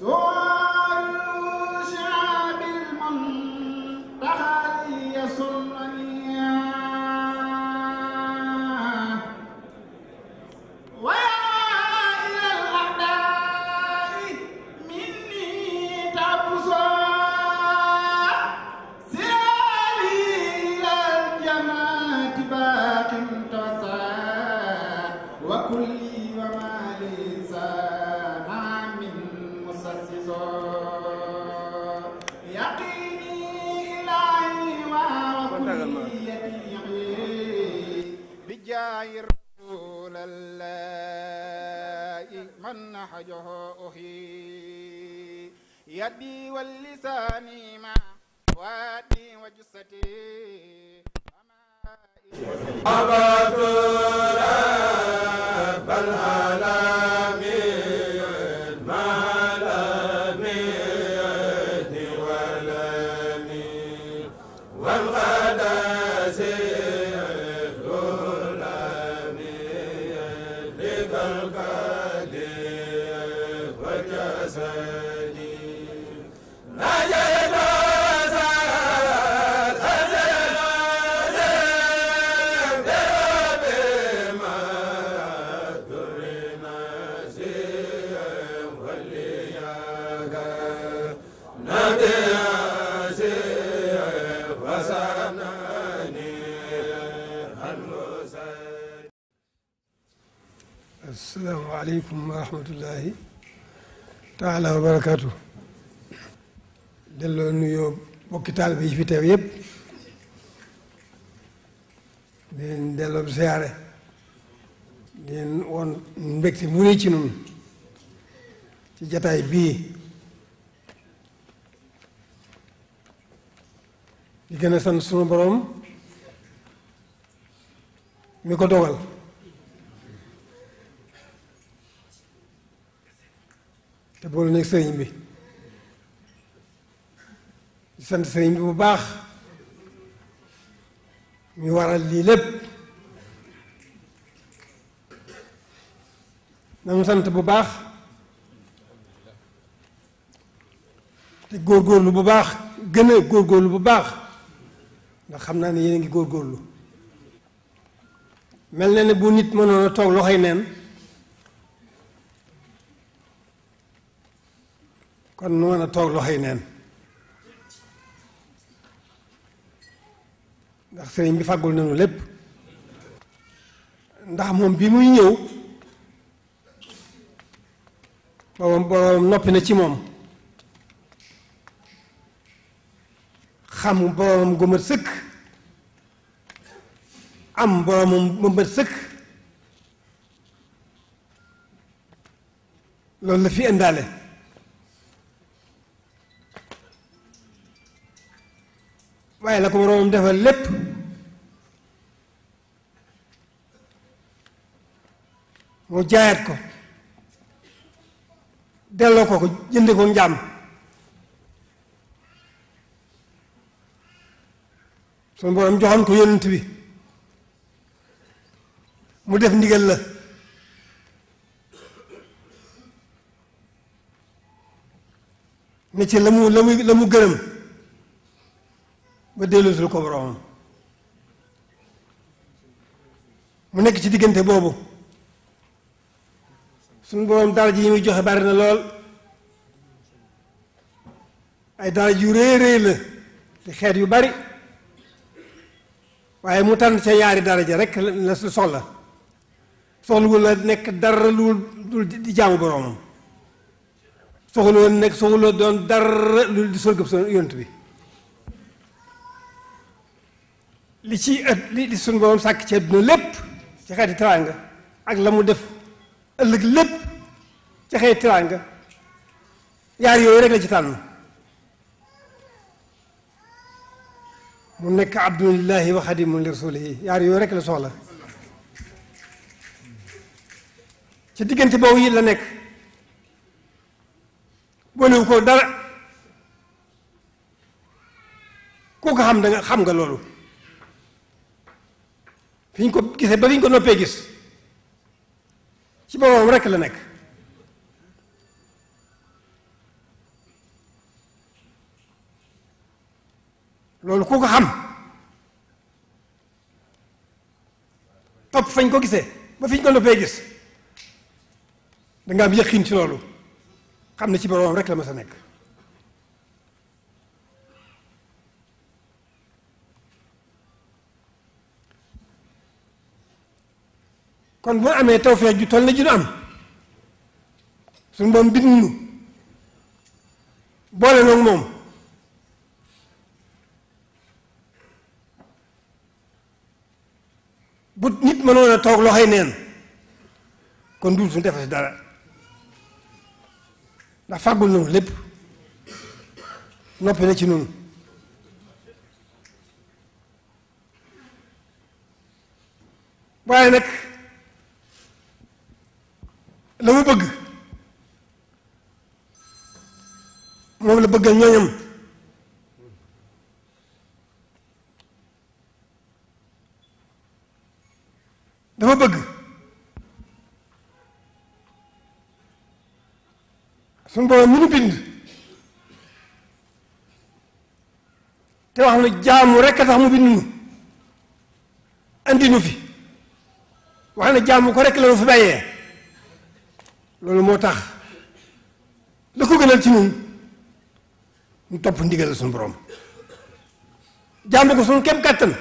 So أبا تراب الهلاك rahmatullahi taala wa barakaatu delloo nuyoo bokki taalibe yi fi teew yëpp di leen delloo siyaare di leen woon mbégte mu rëy ci nun ci jataay bii di gën a sant sunu boroom mi ko dogal te boole nekk sëriñ bi di sant sëriñ bi bu baax ñu waral lii lépp nañu sant bu baax te góorgóorlu bu baax gën a góorgóorlu bu baax nga xam naa ne yéen a ngi góorlu mel na ne bu nit mënoon a toog loxoy neen kon nu mën a toog loxoy neen ndax sëriñ bi fàggul nañu lépp ndax moom bi muy ñëw boroom boroom noppi na ci moom xam boroomam gu sëkk am boroomam mu sëkk loolu la fi indaale waaye la ko boroomam defa lépp mu jaayaat ko delloo ko ko jënde ko njaam suñu boroom joxoon ko yonent bi mu def ndigal la ne ci la mu gërëm ba dellusul ko boroomam mu nekk ci diggante boobu suñu boroom daraja yi muy joxe bari na lool ay daraja yu rëy rëy la te xeet yu bari waaye mu tànn sa yaari daraja rek la su soxla soxluwul la nekk dara lu dul di jaamu boroomam soxluwul nekk soxluwul doon dara lu di sorgëb so yont bi li ci ëpp li li suñu borom sàkk ci àdduna lépp ci xeeti teraanga ak la mu def ëllëg lépp ci xeeti teraanga yaar yooyu rek ci tànn mu nekk abdulillahi wa xadimun li rasulihi yaar yooyu rekk la soxla ci diggante boobu yi la nekk bonewu ko dara koo ko xam da xam nga loolu fi ko gisee ba fi ñu ko noppee gis ci boroom rekk la nekk loolu ku xam topp fañ ko gisee ba fiñ ñu ko noppee gis danga am yëqin ci loolu xam ne ci boroom rekk la ma sa nekk kon bu amee tawfeex ju toll na ji du am suñu boom bind nu boole noog moom bu nit mënoon a toog loxoy neen kon dul suñu defasi dara ndax fàggul noonu lépp noppi na ci noonu waaye nag la mu bëgg moom la bëggal ñooñam dafa bëgg suñu borom mi nu te wax ne jaamu rekk a tax mu bind nu andi fi wax na jaamu ko rek la nu fi bàyyee loolu moo tax la ko gënal ci ñun ñu topp ndigal suñ borom jàmm ko suñu kem kàttan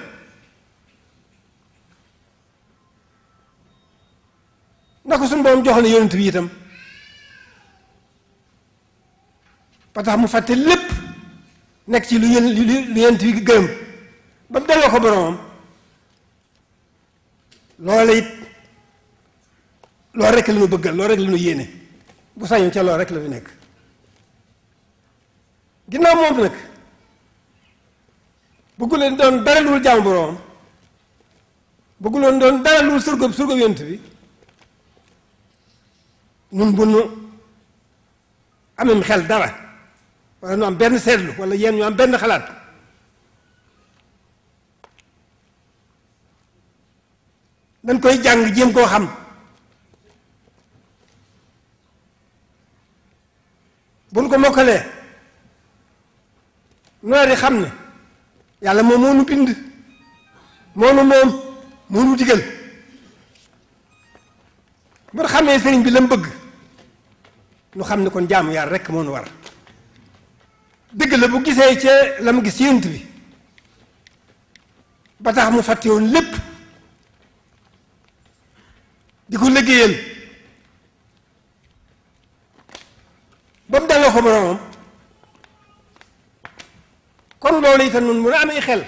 ndax ko suñu borom jox na yonent bi itam ba mu fàtte lépp nekk ci lu yéen lu yonent bi gërëm ba mu delloo ko boromam loola it loolu rek la ñu bëggal loolu rek lu ñu yéene bu sañoon ca loolu rek la nekk ginnaaw moom nag bëgguleen doon dara lu dul jaamu boroom bëgguleen doon dara lu dul surgub surgub yent bi ñun bu nu amem xel dara wala ñu am benn seetlu wala yenn ñu am benn xalaat dañ koy jàng jéem koo xam buñ ko mokkalee nooy di xam ne yàlla moom moo nu bind moom moo bu xamee sëriñ bi lam bëgg nu xam ne kon jaamu yàlla rek moo nu war dëgg la bu gisee cee la mu gis yént bi ba tax mu fàtte woon lépp di ko liggéeyal bam mu delloo ko boromam kon lolé tan mun mu am ay xel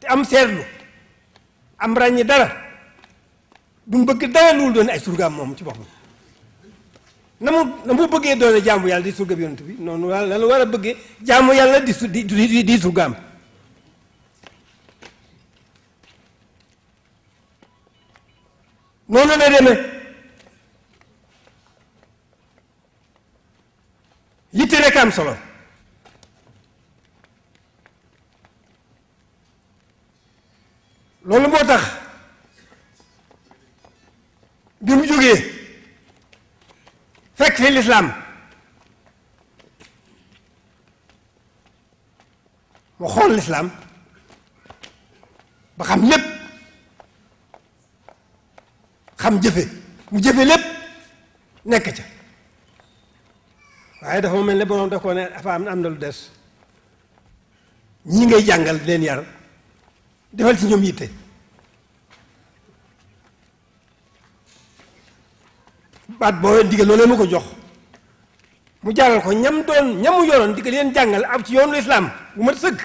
té am seetlu am ràññi dara du mu dara lul doon ay surga mom ci boppam namu namu na doon jaamu yalla di surga bi yonent bi nonu la la wara bëggé jaamu yalla di su di di di surgaam noonu la demee yitte rekk am solo loolu moo tax bi mu jógee fekk fi lislaam mu xool lislaam ba xam lépp xam jëfe mu jëfe lépp nekk ca waaye dafa mel ne borom daf ko ne dafa am na lu des ñi ngay jàngal leen yar defal ci ñoom yitte baat boo leen loolu mu ko jox mu jaaral ko ñam doon ñamu yoroon digal leen jàngal ab ci yoon lislaam bu mat sëgg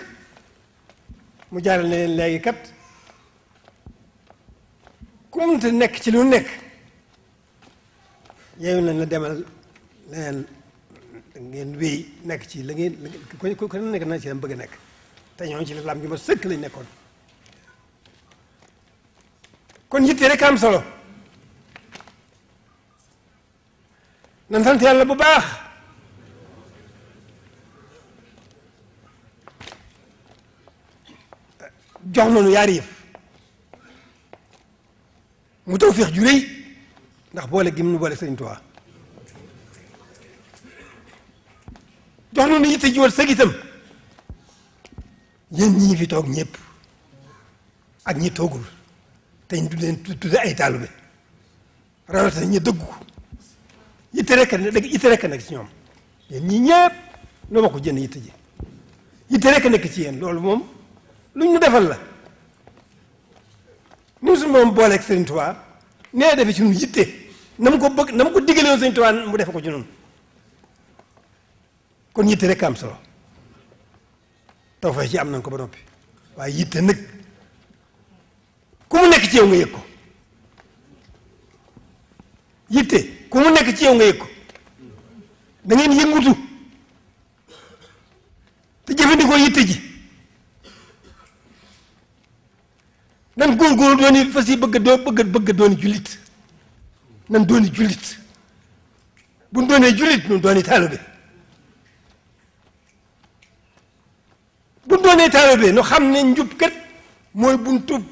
mu jàngal ne leen léegi kat ku mënta nekk ci lu nekk yeewu na la demal leneen ngeen wéy nekk ci la ngeen ku ku nekk na ci lam bëgg a nekk te ñoom ci lislaam ju ma sëkk lañ nekkoon kon yitte rek am solo nan sant yàlla bu baax jox noonu yaari yëf mu tawféex ju ndax boole gim nu boole Sëriñ Tuubaa jox nu yitte ji wërsëg itam yéen ñii fi toog ñëpp ak ñi toogul te ñu du leen tudde ay taalibe rawatina ñu dëggu yitte rekk nag yitte rekk nag ci ñoom yéen ñii ñëpp noo bokk jënd yitte ji yitte rekk nekk ci yéen loolu moom luñ nu defal la ñun suñu moom booleeg Sëriñ Tuubaa nee defe ci ñun yitte na mu ko bëgg na mu ko digalewoon Sëriñ Tuubaa mu defe ko ci noonu kon yitté rek am solo tawfeex ci am nañ ko ba nopi waaye yitté nag kumu nek ci yow nga yekko ko kumu nek ci yow nga yekko ko da ngeen yengutu te jëfandikoo yitté ji nan góorgóorlu dooni fas yi bëgg do bëgg bëgg ni julit nan ni julit bu julit nu nun ni talibé doonee taalibe nu xam ne njub kat mooy buntub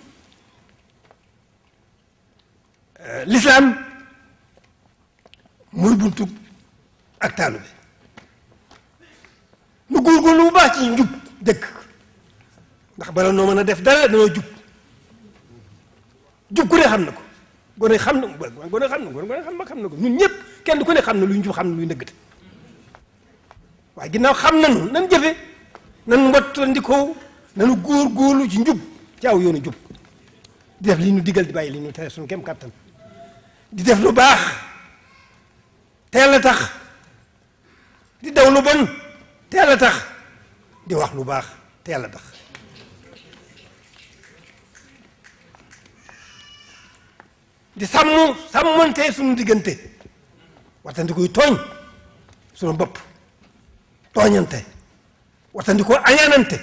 euh, lislaam mooy buntub ak taalibe nu góorgóorlu bu baax ci njub dëkk ndax bala noo mën a def dara danoo jub jub ku ne xam na ko gone xam na gone xam na gone xam na xam na ko ñun ñëpp kenn ku ne xam na luy njub xam na luy ndëggte waaye ginnaaw xam nañu nan jëfe nan wattandikoo nanu góor góorlu ci njub ci aw yoonu jub di def li nu digal di bàyyi li ñu tere suñu kem kàttan di def lu baax te yàlla tax di daw lu bon te yàlla tax di wax lu baax te yàlla tax di sàmm sàmmante suñu diggante wattandikuy tooñ suñu bopp tooñante wartandikoo añaanante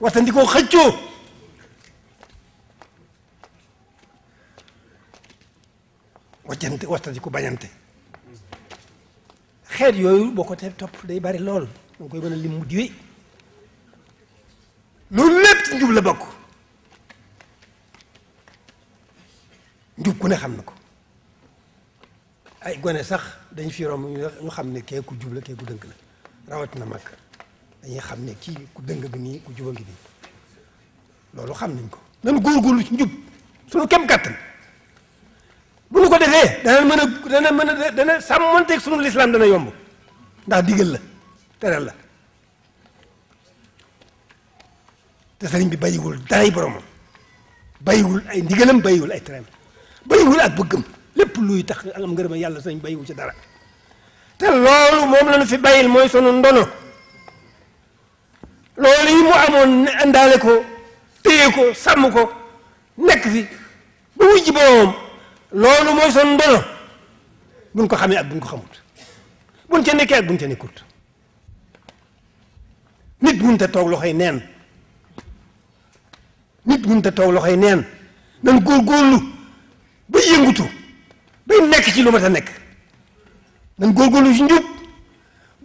wartandikoo xëccoo wajjante wartandiko bañante xeet yooyu boo ko te topp day bari lool da nga koy mën a lim mu diwe loolu lépp ci njub la bokk njub ku ne xam na ko ay gone sax dañ fi romb ñu xam ne kee ku jub la kee ku dënk la rawatina mag dañuy xam ne kii ku dëng ngi nii ku juba ngi nii loolu xam nañ ko nan góorgóorlu ci njub suñu kem kàttan bu ñu ko defee dana mën a dana mën a dana sàmmonteeg suñu lislaam dana yomb ndax digal la teral la te sëriñ bi bàyyiwul daray boromam bàyyiwul ay ndigalam bàyyiwul ay teram bàyyiwul ak bëggam lépp luy tax am ngërëm yàlla sëriñ bàyyiwul ci dara te loolu moom lañu fi bàyyil mooy sunu ndono loolu yi mu amoon indaale ko téye ko sàmm ko nekk fi ba wujj boroomam loolu mooy son ndono buñ ko xamee ak buñ ko xamut buñ ca nekkee ak buñ ca nekkut nit mun ta toog loxoy neen nit mun ta toog loxoy neen nan góorgóorlu bay yëngutu bay nekk ci lu mat a nekk nan góorgóorlu ci njub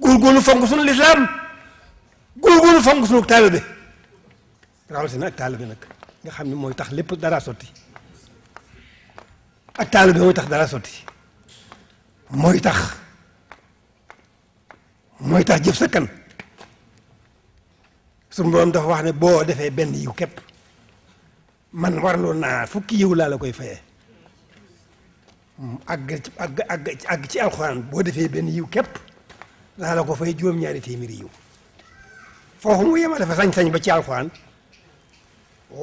góorgóorlu fonk sunu lislaam fonk suñu taalibe rawatina ak taalibe nag nga xam ne mooy tax lépp dara sotti ak taalibe mooy tax dara sotti mooy tax mooy tax jëf sakkan suñu borom dafa wax ne boo defee benn yiw képp man warloon naa fukki yiw laa la koy fayee àgg ak àgg àgg ci alxuraan boo defee benn yiw képp laa la ko fay juróom-ñaari téeméeri yiw foofu mu yema dafa sañ-sañ ba ci alxuraan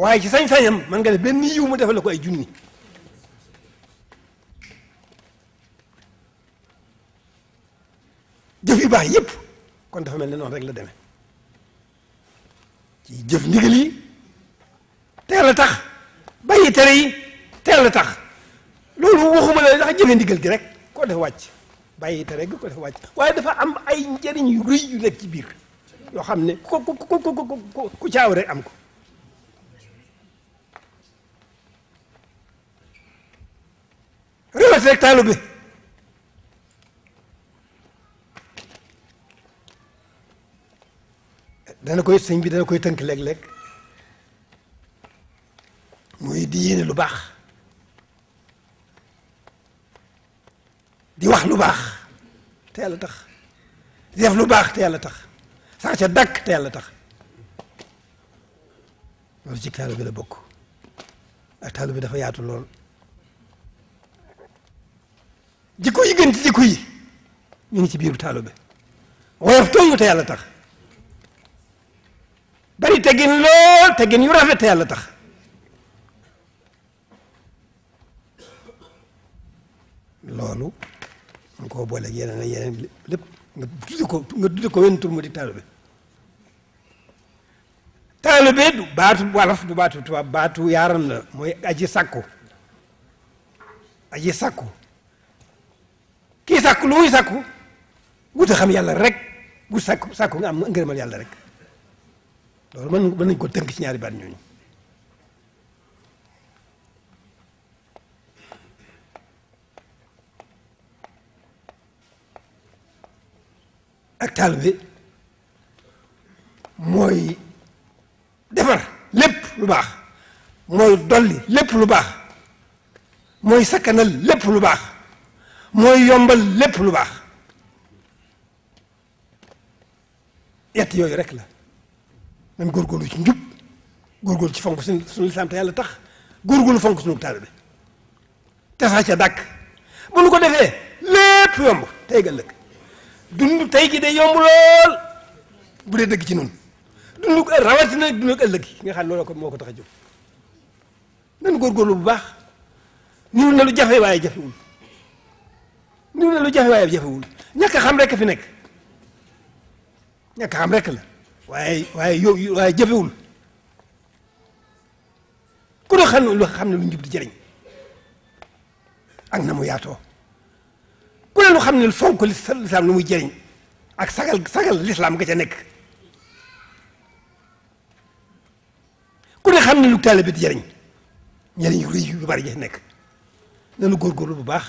waaye ci sañ-sañam mën nga ne benn yiw mu defal la ko ay junni jëf yu baax yépp kon dafa mel ne noonu rek la demee ci jëf ndigal yi teel tax bàyyi tere yi teel a tax loolu waxuma la ndax jëfe ndigal gi rek koo def wàcc bàyyi tere gi ko def wàcc waaye dafa am ay njëriñ yu yu nekk ci biir yoo xam ne ku ku ku ku caaw rek am ko rawati rek taalu bi dana koy sëñ bi dana koy tënk léeg-léeg muy di yéene lu baax di wax lu baax te yàlla tax di def lu baax te yàlla tax sax ca dakk te yàlla tax loolu ci taalu bi la bokk ak taalu bi dafa yaatu lool jikko yi gën ci jikko yi ñu ngi ci biiru taalu bi woyof tong te yàlla tax bari teggin lool teggin yu rafet te yàlla tax loolu mun koo boole yeneen yeneen lépp nga tudde ko nga tudde ko wenn tur mu di taalu bi taalibe du baatu wolof du baatu tubaab baatu yaaram la mooy aji sakku aji sakku kii sakku lu sakku wute a xam yàlla rek bu sakku sakku nga am ngërëmal yàlla rek loolu mën mën nañ ko tënk ci ñaari baat ñooñu ak taalibe mooy defar lépp lu baax mooy dolli lépp lu baax mooy sakkanal lépp lu baax mooy yombal lépp lu baax yett yooyu rek la nañ góorgóorlu ci njub góorgóorlu ci fonk suñu su lislaam te yàlla tax góorgóorlu fonk su taalibe te sax ca dàkk bu nu ko defee lépp yomb tey ëllëg dund tey gi de yomb lool bu dee dëgg ci noonu dunduk rawatina dunduk ëllëg yi nga xam ne loolu ko moo ko tax a jóg nan góorgóorlu bu baax niru na lu jafe waaye jafewul niru na lu jafe waaye jafewul ñàkk xam rek fi nekk ñàkk xam rek la waaye waaye yow waaye jafewul ku do xam ne lu xam ne lu njub di jëriñ ak na mu yaatoo ku ne lu xam ne fonk lislaam lu muy jëriñ ak sagal sagal lislaam nga ca nekk ku ne xam ne lu taalibe di jariñ njëriñ rëy yu bari ja nekk nanu góorgóorlu bu baax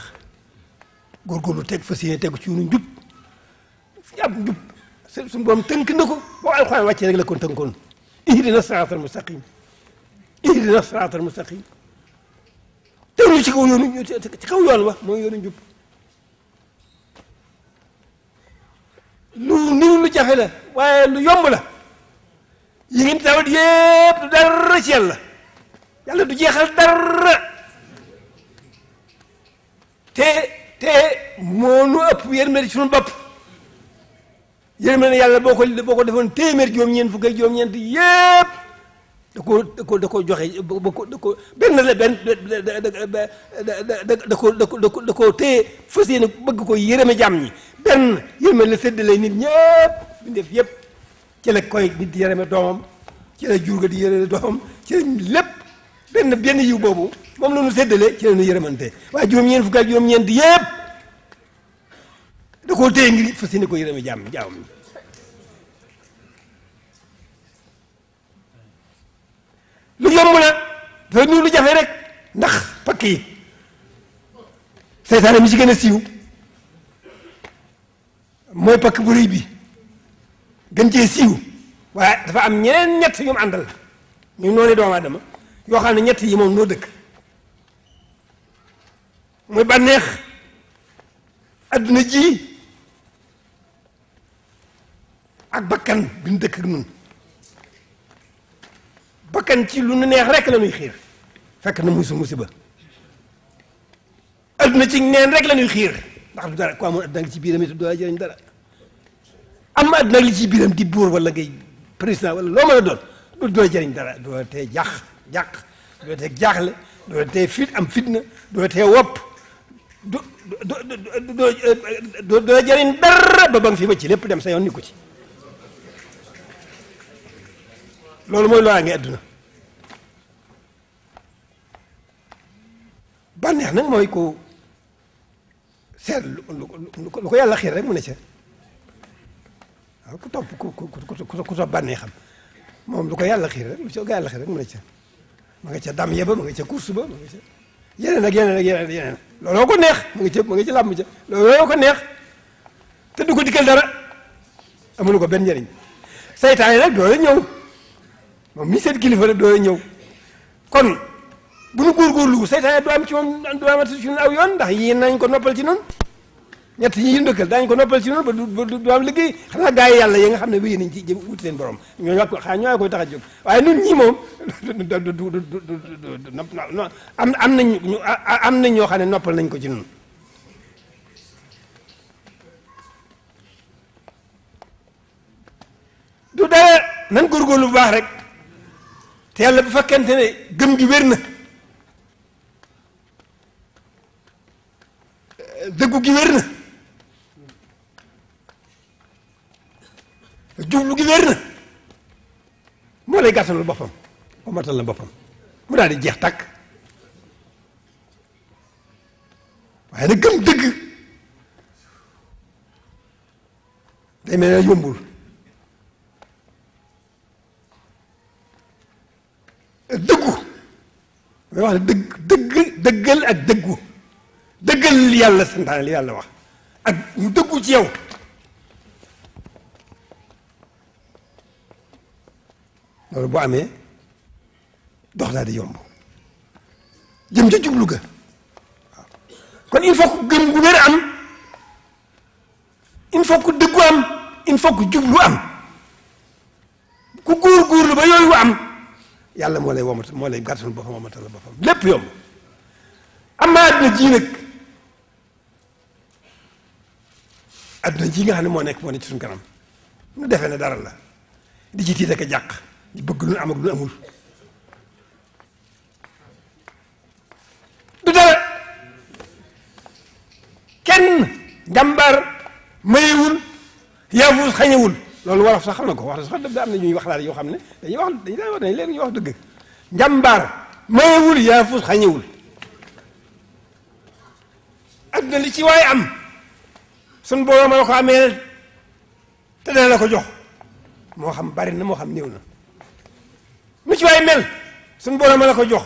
góorgóorlu teg fas yéene tegu ci yoonu njub ab njub suñu borom tënk na ko boo alxuraan wàccee rek la ko tënkoon ihdina siraatal mustaqim ihdina siraatal mustaqim tegu ci kaw yoonu ci kaw yoon wa mooy yoonu njub lu niw lu jafe la waaye lu yomb la li ngeen tawat yépp du dara ci yàlla yàlla du jeexal dara te te moo nu ëpp yërmande ci suñu bopp yërmande yàlla boo ko boo ko defoon téeméer juróom-ñeent fukk ak juróom-ñeent yépp da ko da ko da ko joxe ba ko da ko benn la benn ko da ko da ko da ko téye fas yéene bëgg ko yërëme jàmm ñi benn yërmande la séddale nit ñëpp yépp ci la koy nit di yarame doomam ci la jur ga di yarame doomam ci lépp benn benn yiw boobu moom la ñu séddale ci la ñu yërëmante waaye juróom-ñeent fukk ak juróom-ñeent yëpp da koo téye ngir fas yéene ko yërëme jàmm jaamam ñi lu yomb la dafa ñu lu jafe rek ndax pakki yi seytaane mi ci gën siiw mooy pakk bu rëy gën cee siiw waaye dafa am ñeneen ñett yu mu àndal ñu noonu doomu aadama yoo xam ne ñett yi moom noo dëkk muy bànneex adduna ji ak bakkan bi ñu dëkk ak nun bakkan ci lu nu neex rek la ñuy xiir fekk na muy su musiba adduna ci neen rek la ñuy xiir ndax du dara ku amoon adduna ngi ci biiram it doo jëriñ dara am at nag li ci biiram di buur wala ngay président wala loo mën a doon du doo jëriñ dara doo tee jàq jàq doo tee jaaxle doo tee fit am fitna doo tee wopp du doo doo jëriñ dara ba ba nga fi ba ci lépp dem sa yoon ni ko ci loolu mooy loo ngi àdduna bànneex nag mooy ko seet lu ko yàlla xiir rek mu ne ca waaw ku topp ku ku ku ku topp bànneexam moom lu ko yàlla xiir rek lu ci yàlla xiir rek mu ne ca ma nga ca dam yeba ma nga ca course ba ma nga ca yeneen ak yeneen ak yeneen ak yeneen looloo ko neex ma nga ca ma nga ca làmb ca looloo ko neex te du ko dikkal dara amul ko benn njëriñ seytaan yi nag doola ñëw mi seen kilifa rek doola ñëw kon bu nu góorgóorlu seytaan yi du am ci moom du amati ci aw yoon ndax yéen nañ ko noppal ci noonu ñett ñi ñu dëkkal daañu ko noppal ci noonu ba du du am liggéey xanaa gaa yi yàlla nga xam ne wéy nañ ci jëm wuti seen borom ñooñu wax ko xanaa ñoo koy tax a jóg waaye ñun ñii moom am am nañ ñu am nañ ñoo xam ne noppal nañ ko ci noonu. du dara nan góorgóorlu bu baax rek te yàlla bu fekkente ne gëm gi wér na dëggu gi wér jublu gi wér moo lay gàttalul boppam omatal la boppam mu daal di jeex tàkk waaye nag gëm dëgg day mel ne yombul dëggu may wax dëggal ak dëggu dëggal yàlla santaane li yàlla wax ak mu dëggu ci yow Euh, boo amee dox daal di yomb jëm ca jublu ga kon il faut que gëm gu wér am il faut que am il faut jublu am ku góor góorlu ba yooyu am yàlla moo lay womat moo lay gàttal boppam boppam lépp yomb am naa àdduna ji nag àdduna nga xam ne moo nekk moo nekk ci suñu kanam nu defee ne dara la di ci tiit ak a jàq di bëgg lu am ak lu amul du dara kenn njàmbaar mayewul yaafus xañewul loolu wolof sax xam na ko wax sax dëgg am na ñuy wax laal yoo xam ne dañuy wax dañu daan wax dañ leen ñu wax dëgg njàmbaar mayewul yaafus xañewul adduna li ci waaye am sun borom a ko amee te dana la ko jox moo xam bari na moo xam néew na lu ci waay mel suñu borom la ko jox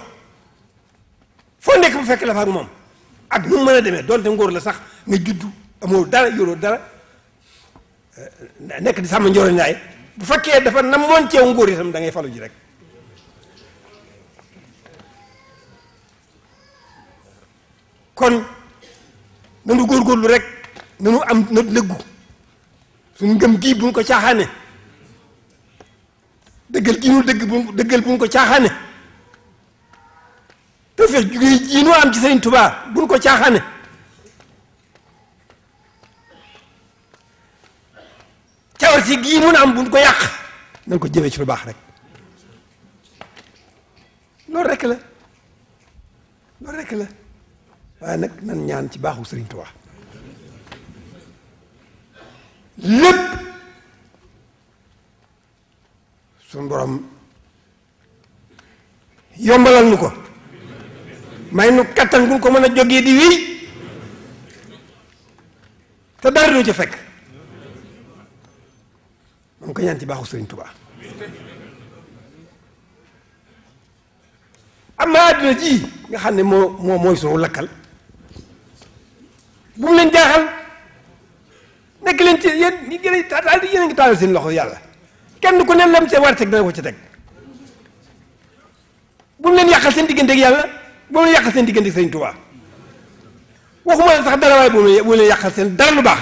foo nekk bu fekk la fa ak moom ak nu mën a demee donte ngóor la sax nga juddu amoo dara yoroo dara nekk di sàmm njoro ñaay bu fekkee dafa na ceew ngóor itam da ngay falu ji rek kon nanu góorgóorlu rek nanu am na dëggu suñu ngëm gii ko caaxaane dëggal gi ñu dëgg bu dëggal bu ñu ko caaxaane tawfeex ji ñu am ci Sëriñ Tuubaa bu ñu ko caaxaane cawarte gii mun am bu ñu ko yàq nañ ko jëmee ci lu baax rek loolu rek la loolu rek la waaye nag nan ñaan ci baaxu Sëriñ Tuubaa lépp borom yombalal nu ko may nu kattan gun ko mën a jógee di wéy te dara du ci fekk moom ko ñaan ci baaxu sëriñ Tuubaa am na àdduna nga xam ne moo moo mooy sunu lakkal bu mu leen jaaxal nekk leen ci yéen ñi a taal yéen a ngi taalal seen loxo yàlla kenn ku ne lam ca war a teg dana ko ca teg bu mu leen yàqal seen diggante yàlla bu mu leen yàqal seen diggante ak sax dara waaye bu mu seen dara lu baax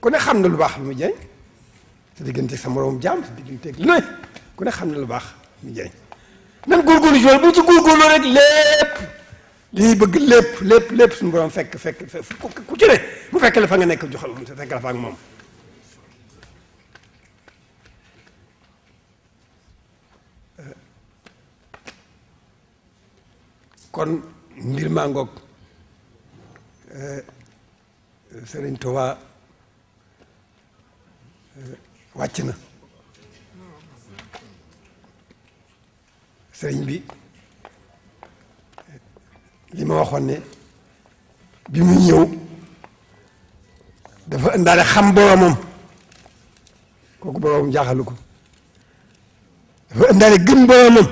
ku ne xam na lu baax lu mu jëriñ sa diggante sa moroom jaam sa diggante ak lu ne ku ne xam na lu baax lu mu jëriñ nan góorgóorlu si bu ñu ci góorgóorlu rek lépp lii bëgg lépp lépp lépp fekk fekk ku ci ne mu fekk la fa nga nekk joxal fekk la fa ak moom kon mbir maa ngoog eh, Sëriñ Tuubaa eh, wàcc na sëriñ bi eh, li ma waxoon ne bi mu ñëw dafa indaale xam boromam kooku boromam jaaxalu ko dafa indaale gëm boromam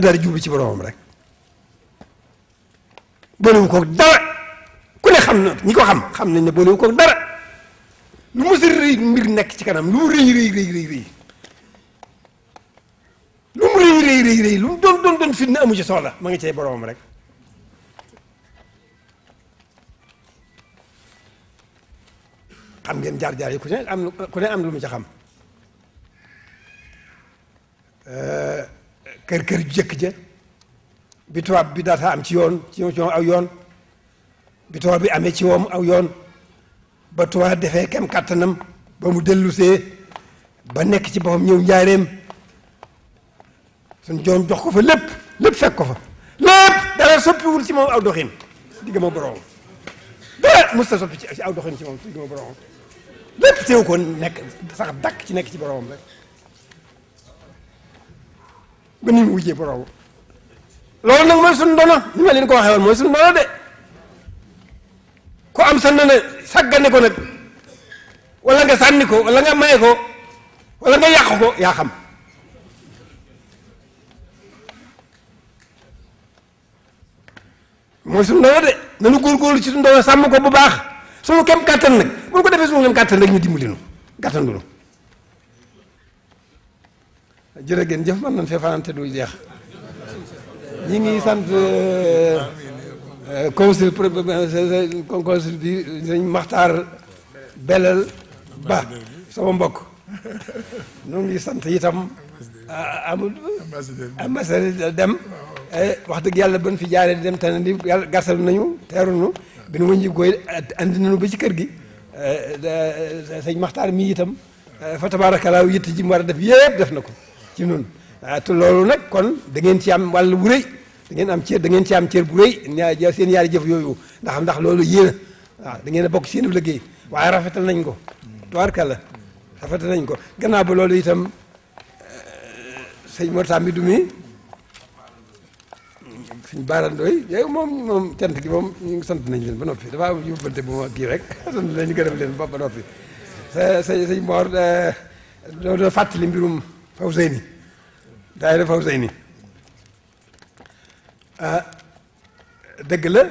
dafa daal ci boromam rek boolewu koog dara ku ne na ñi ko xam xam nañ ne boolewu koog dara lu si rëy mbir nekk ci kanam lu mu rëy rëy rëy rëy rëy lu mu rëy amu ci soxla ma ngi cay boromam rek xam ngeen jaar-jaar yi ku am ku ci xam kër kër ju jëkk ja bi tubaab bi daata am ci yoon ci moom aw yoon bi bi amee ci moom aw yoon ba tubaab defee kem kàttanam ba mu dellusee ba nekk ci boppam ñëw njaareem suñ joon jox ko fa lépp lépp fekk ko fa lépp dara soppiwul ci moom aw doxin digga ma borom dara mos ta soppi ci aw doxin ci moom digga ma borom lépp teew ko nekk sax dakk ci nekk ci boromam rek ba ni loolu nag mooy suñu ndono ni ma leen ko waxee woon mooy suñu ndono de ku am sa ndono sàggane ko nag wala nga sànni ko wala nga maye ko wala nga yàq ko yaa xam mooy suñu de nanu góorgóorlu ci suñu ndono sàmm ko bu baax soo kem kàttan nag bu ñu ko defee suñu kem kàttan rek ñu dimbali nu gàttandu nu jërë ngeen jëf mën nañ fee fanante du jeex ñi ngi sant euh, consul consul bi sëñ Maxtaar Belal Ba sama mbokk noonu ngi sant itam euh, amul ambassadeur dem eh, wax dëgg yàlla ban fi jaaree di dem tane di yàlla garsalu nañu teerunu bi nu wëññi koy andi nañu ba ci kër gi eh, sëñ Maxtaar mii itam eh, fa tabaarakalaaw yitt ji mu war a def yëpp def na ko ci nun ah, te lolu nak kon da ngeen ci am wàll bu rëy da ngeen am cër da ngeen ci am cër bu rëy seen yaari jëf yoyu ndax ndax lolu yeena da ngeen a bokk seen liggéey waaye rafetal nañ ko tubaarkàlla rafetal nañ ko gannaaw bu lolu itam eh, sëñ Mor Sambi dumi mi barandoy yow mom mom moom gi mom ñu ngi sant nañ leen ba nopi dafa am yóbbante bu ma kii rek sant nañ gërëm leen ba ba noppi sa sa euh do doo mbirum Fawzeyni daayira Fawzeyni ah dëgg la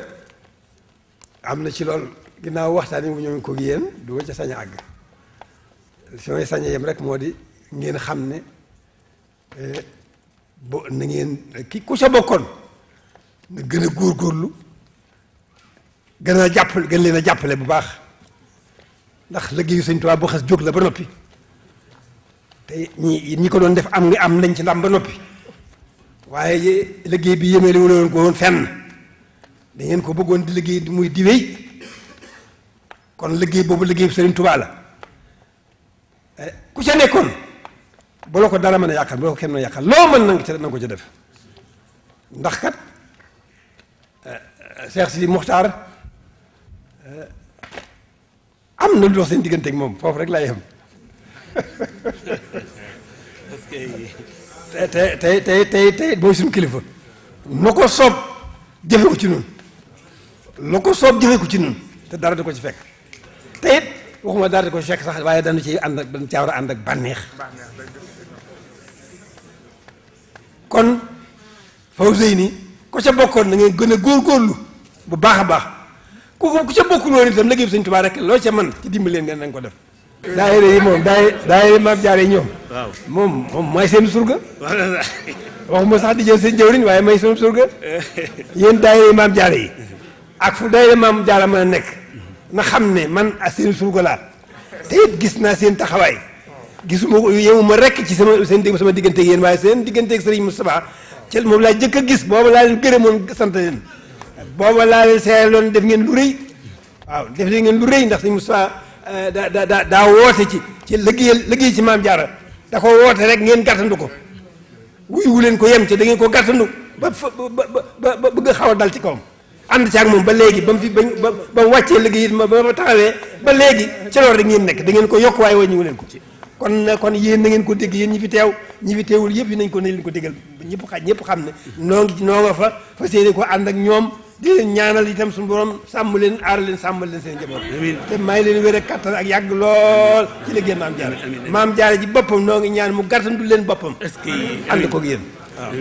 am na ci lool ginnaaw waxtaan wi ñoo ngi ko yéen du ma ca sañ àgg su may sañ a yem rek moo di ngeen xam ne eh, bo na ngeen ki ku ca bokkoon na gën a góorlu gën a jàppale gën leen a jàppale bu baax ndax liggéeyu Sëñ Tuubaa bu xas jóg la ba noppi. te ñi ñi ko doon def am nga am lañ ci ndam ba noppi waaye liggéey bi yémele wu leen ko woon fenn da ngeen ko bëggoon di liggéey di muy di kon liggéey boobu liggéey Sëriñ tubaa la eh, ku ca nekkoon bu la ko dara mën a yàqal bu la ko kenn mën a yàqal loo mën nanga ca nanga ko ca def ndax kat Seex si Muxtaar am na lu dox seen digganteeg moom foofu rek lay yem parce que tey tey tey tey tey booy suñu kilifa lu ko soob jëfe ko ci nun lu ko soob jëfe ko ci nun te dara di ko ci fekk te it waxuma dara di ko ci fekk sax waaye dañu ci ànd ak dañu caa war a ànd ak bànneex kon Fawzeyni ku ca bokkoon na ngay gën a bu baax a baax ku ku ca bokkul woon itam liggéey bi Sëñ Tuubaa rek loo ca man ci dimbali leen nga nañ ko def daayira yi moom daay daayira maam jaare yi ñoom. waaw moom moom mooy seen surga. waxuma sax di jël seen jëwriñ waaye may seen surga. yéen daayira maam jaare yi. ak fu daayira maam jaara mën a nekk. na xam ne man a seen surga laa. te gis naa seen taxawaay. gis ko yemuma rek ci sama seen sama diggante yéen waaye seen diggante ak Serigne Moustapha ci moom laa jëkk a gis booba laa leen gërëmoon sant leen. booba laa leen seeraloon def ngeen lu rëy. waaw def ngeen lu rëy ndax Serigne Moustapha. Eh, da da daa woote ci ci liggéeyal liggéey ci maam jaara da ko woote rek ngeen gàttandu ko wuyu leen ko yem ci da ngeen ko gàttandu ba ba ba bëgg xaw a dal ci kawam ànd ci ak moom ba léegi ba mu fi ba ba mu wàccee liggéey it ma ba ma taxawee ba léegi ci loolu rek ngeen nekk da ngeen ko yokk waaye wàññiwu leen ko ci kon kon yéen na ngeen ko dégg yéen ñi fi teew ñi fi teewul yëpp yi nañ ko nañ leen ko déggal ñëpp xa ñëpp xam ne noo ngi noo nga fa fas ko ànd ak ñoom di leen ñaanal itam suñu borom sàmm leen aar leen sàmmal leen seen jamono te may leen wér ak kattan ak yàgg lool ci liggéey maam jaare maam ji boppam noo ngi ñaan mu gàttandu leen boppam ànd ko yéen waaw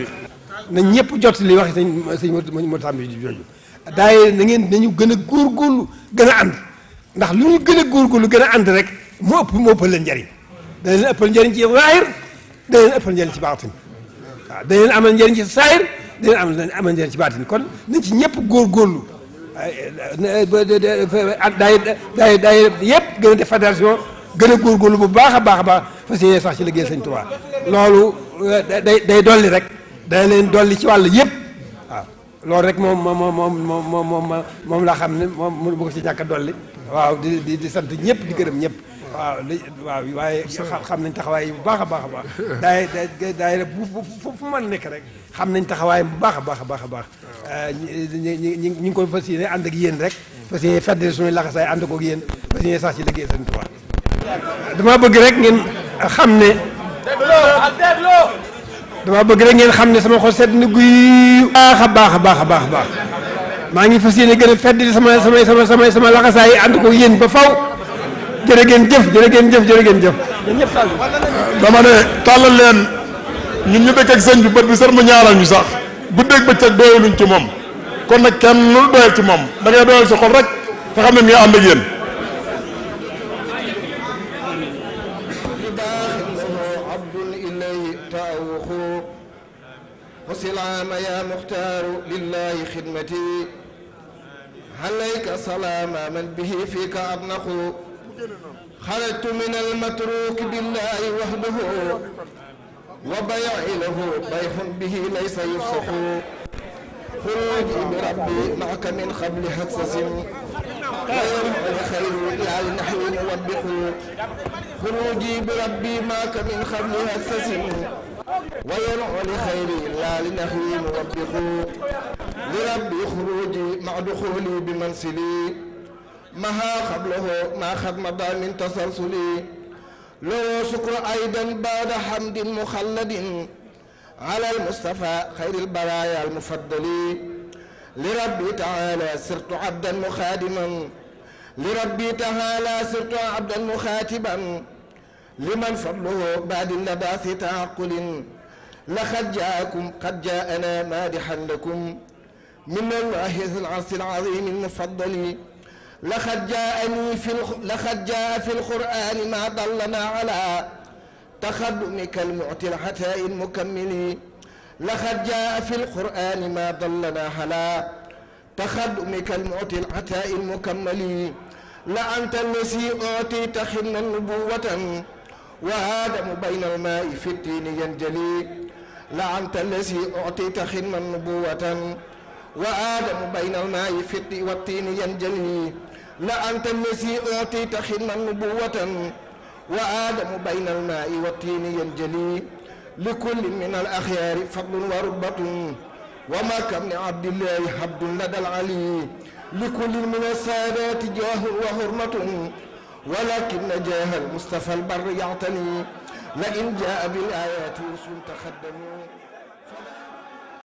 na ñëpp jot li wax sëñ sëñ moo tàmbi di jooju daaye na ngeen nañu gën a góorgóorlu gën a ànd ndax lu ñu gën a góorgóorlu gën a ànd rek mu ëpp mu ëppal leen njariñ da leen ëppal njariñ ci zaahir da leen ëppal njariñ ci baatin waaw da leen amal njariñ ci saahir dina am amal njëriñ ci baatin kon nit nañ ci ñëpp góorgóorlu day daay day yëpp gën a def fédération gën a góor góorgóorlu bu baax a baax a baax fas yéene sax ci liggéey Sëñ Tuubaa loolu eh, day day dolli rek dana leen dolli ci wàll yëpp waaw loolu rek moom moom moom moom moom moom laa xam ne moom mënu ko ci ñàkk a dolli waaw di di di sant ñëpp di gërëm ñëpp. waaw li waaw waaye xam nañ taxawaay bu baax a baax a baax daay daay daay bu fu mën nekk rek xam nañ taxawaay bu baax a baax a baax a baax euh, ñi ñi ngi koy fas yéene ànd ak yéen rek fas yéene fedd suñuy laxasaay ànd kook yéen fas yéene sax ci liggéey seen tubaab dama bëgg rek xam ne dama bëgg rek ngeen xam ne sama xol sedd na guy baax a baax a baax a baax a ngi fas yéene gën a fedd sama samay sama samay sama laxasaay ànd kook yéen ba faw jërë ngeen jëf jërë ngeen jëf jërë ngeen jëf. dama ne tàllal leen ñun ñu dëkk ak sëñ bi bët bi sër mu ñaaral ñu sax guddeeg bëccëg doyaluñ ci moom kon nag kenn lu doyal ci moom da ngay doyal sa xol rek te xam ne mi ngi ànd ak yéen. سلام يا مختار لله خدمتي عليك سلام من به فيك أبنخ خرجت من المتروك بالله وحده وبيع له بيع به ليس يفصح خروجي بربي معك من قبل حدث خير خير لا نحن نوبخ خروجي بربي معك من قبل حدث وينع لخير لا لنحن نوبخ لربي خروجي مع دخولي بمنزلي مها قبله ما خد مضى من تسلسل له شكر أيضا بعد حمد مخلد على المصطفى خير البرايا المفضل لربي تعالى صرت عبدا مخادما لربي تعالى صرت عبدا مخاتبا لمن فضله بعد النباث تعقل لقد جاءكم قد جاءنا مادحا لكم من الله ذي العرش العظيم المفضل لقد جاءني في الخ... لقد جاء في القرآن ما دلنا على تخدمك المعتل حتى إن لقد جاء في القرآن ما دلنا على تخدمك المعتل حتى إن مكمل لأنت الذي أعطيت خنا نبوة وآدم بين الماء في الدين ينجلي لأنت الذي أعطيت خنا نبوة وآدم بين الماء في الطين ينجلي لأنت الذي أعطيت خلا نبوة وآدم بين الماء والطين ينجلي لكل من الأخيار فضل وربة وما كم عبد الله حبد لدى العلي لكل من السادات جاه وحرمة ولكن جاه المصطفى البر يعتني لئن جاء بالآيات رسل تخدموا